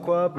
quoi.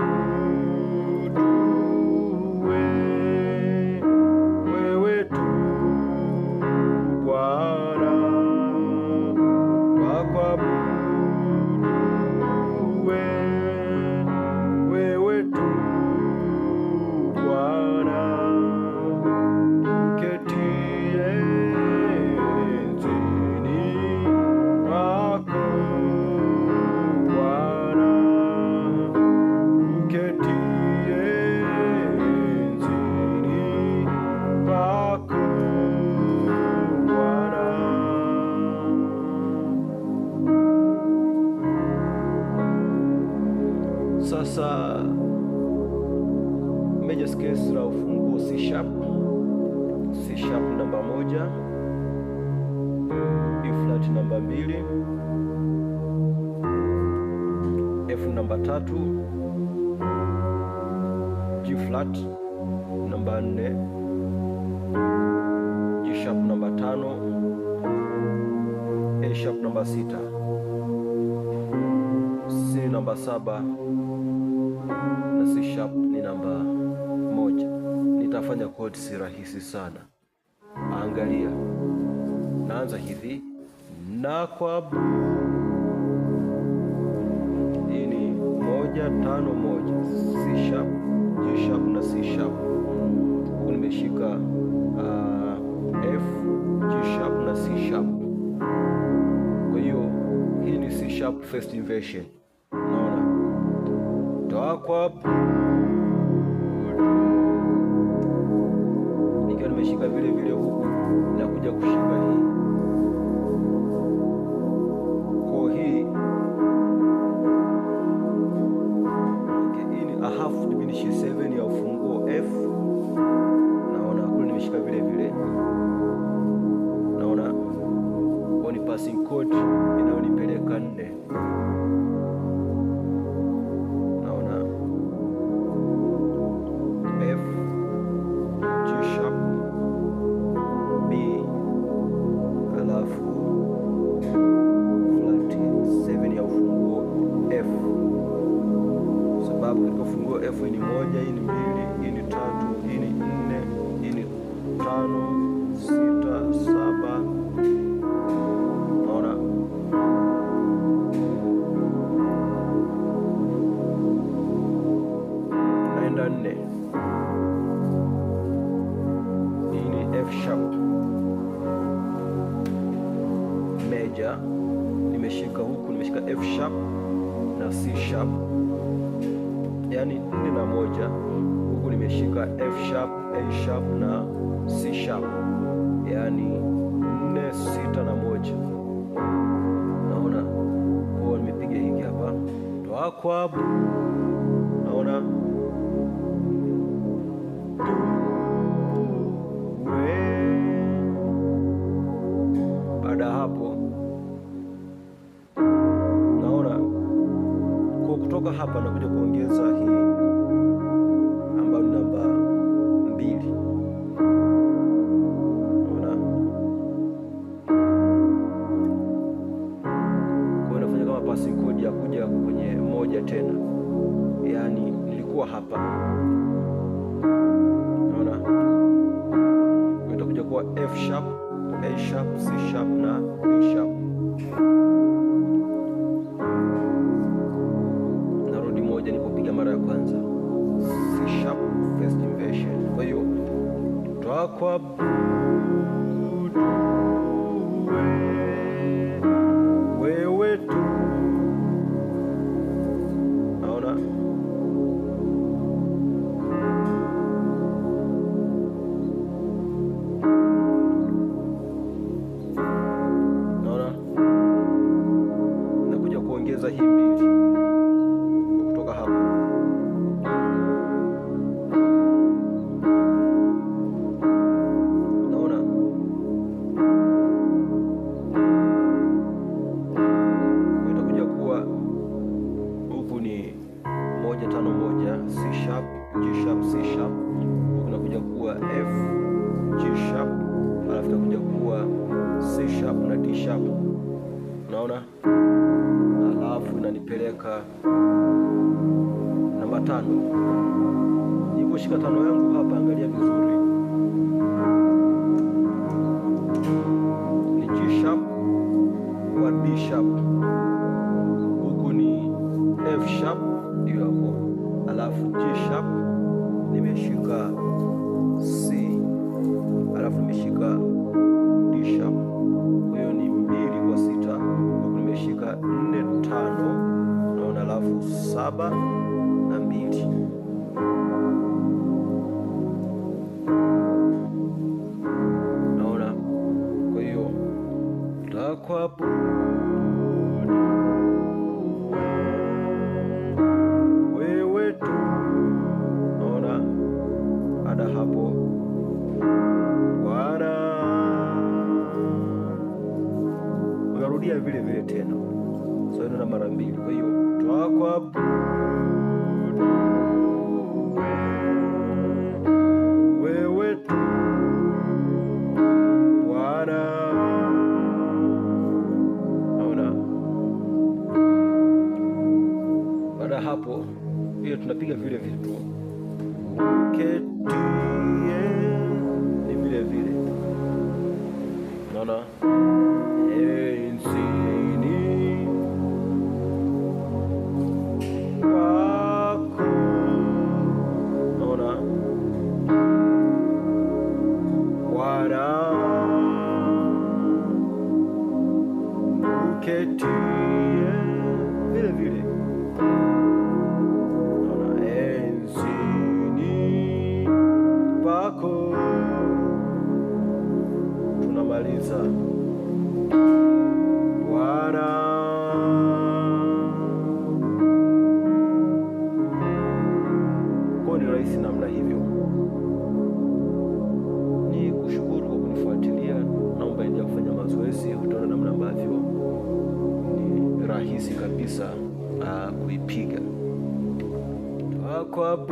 Sasa major scales la ufunguo C sharp, C sharp namba moja, E flat namba mbili, F namba tatu, G flat namba nne, G sharp namba tano, A sharp namba sita, C namba saba na C sharp ni namba moja. Nitafanya chord si rahisi sana, angalia, naanza hivi na kwa hii ni moja tano moja, C sharp, G sharp na C sharp. Huku nimeshika uh, F, G sharp na C sharp. Kwa hiyo hii ni C sharp first inversion hapo, nikiwa nimeshika vile vile huku na kuja kushika hii koo hii. Okay, hii ni a half diminished seven ya ufunguo F. Naona kule nimeshika vile vile, naona ni passing chord inayonipeleka nne. sharp meja, nimeshika huku, nimeshika F sharp na C sharp, yaani nne na moja. Huku nimeshika F sharp, A sharp na C sharp, yani nne sita na moja. Naona kwa nimepiga hiki hapa, toa naona naona baada ya hapo, naona kwa kutoka hapa nakuja kuongeza hii ambayo ni namba mbili. Naona kwa nafanya kama passing chord ya kuja kwenye moja tena, yaani nilikuwa hapa naona itakuja kuwa F sharp A sharp, C sharp na B sharp. moja mara ya kwanza C sharp first inversion. Kwa hiyo twakwa G sharp, C sharp, unakuja kuwa F, G sharp, alafu utakuja kuwa C sharp na D sharp, unaona, alafu inanipeleka namba tano. Niko shika tano yangu hapa, angalia vizuri, ni G sharp kwa D sharp, huku ni F sharp, hiyo hapo, alafu G sharp nimeshika C alafu nimeshika D sharp, hiyo ni mbili kwa sita, huku nimeshika nne tano, naona alafu saba na mbili naona, kwa hiyo la rudia vile vile tena soeno na mara mbili. Kwa hiyo twako hapo wewe tu Bwana. Naona baada hapo hiyo tunapiga vile vile tu ketu rahisi namna hivyo. Ni kushukuru kwa kunifuatilia, naomba endelea kufanya mazoezi, utaona namna ambavyo ni rahisi kabisa uh, kuipiga kwa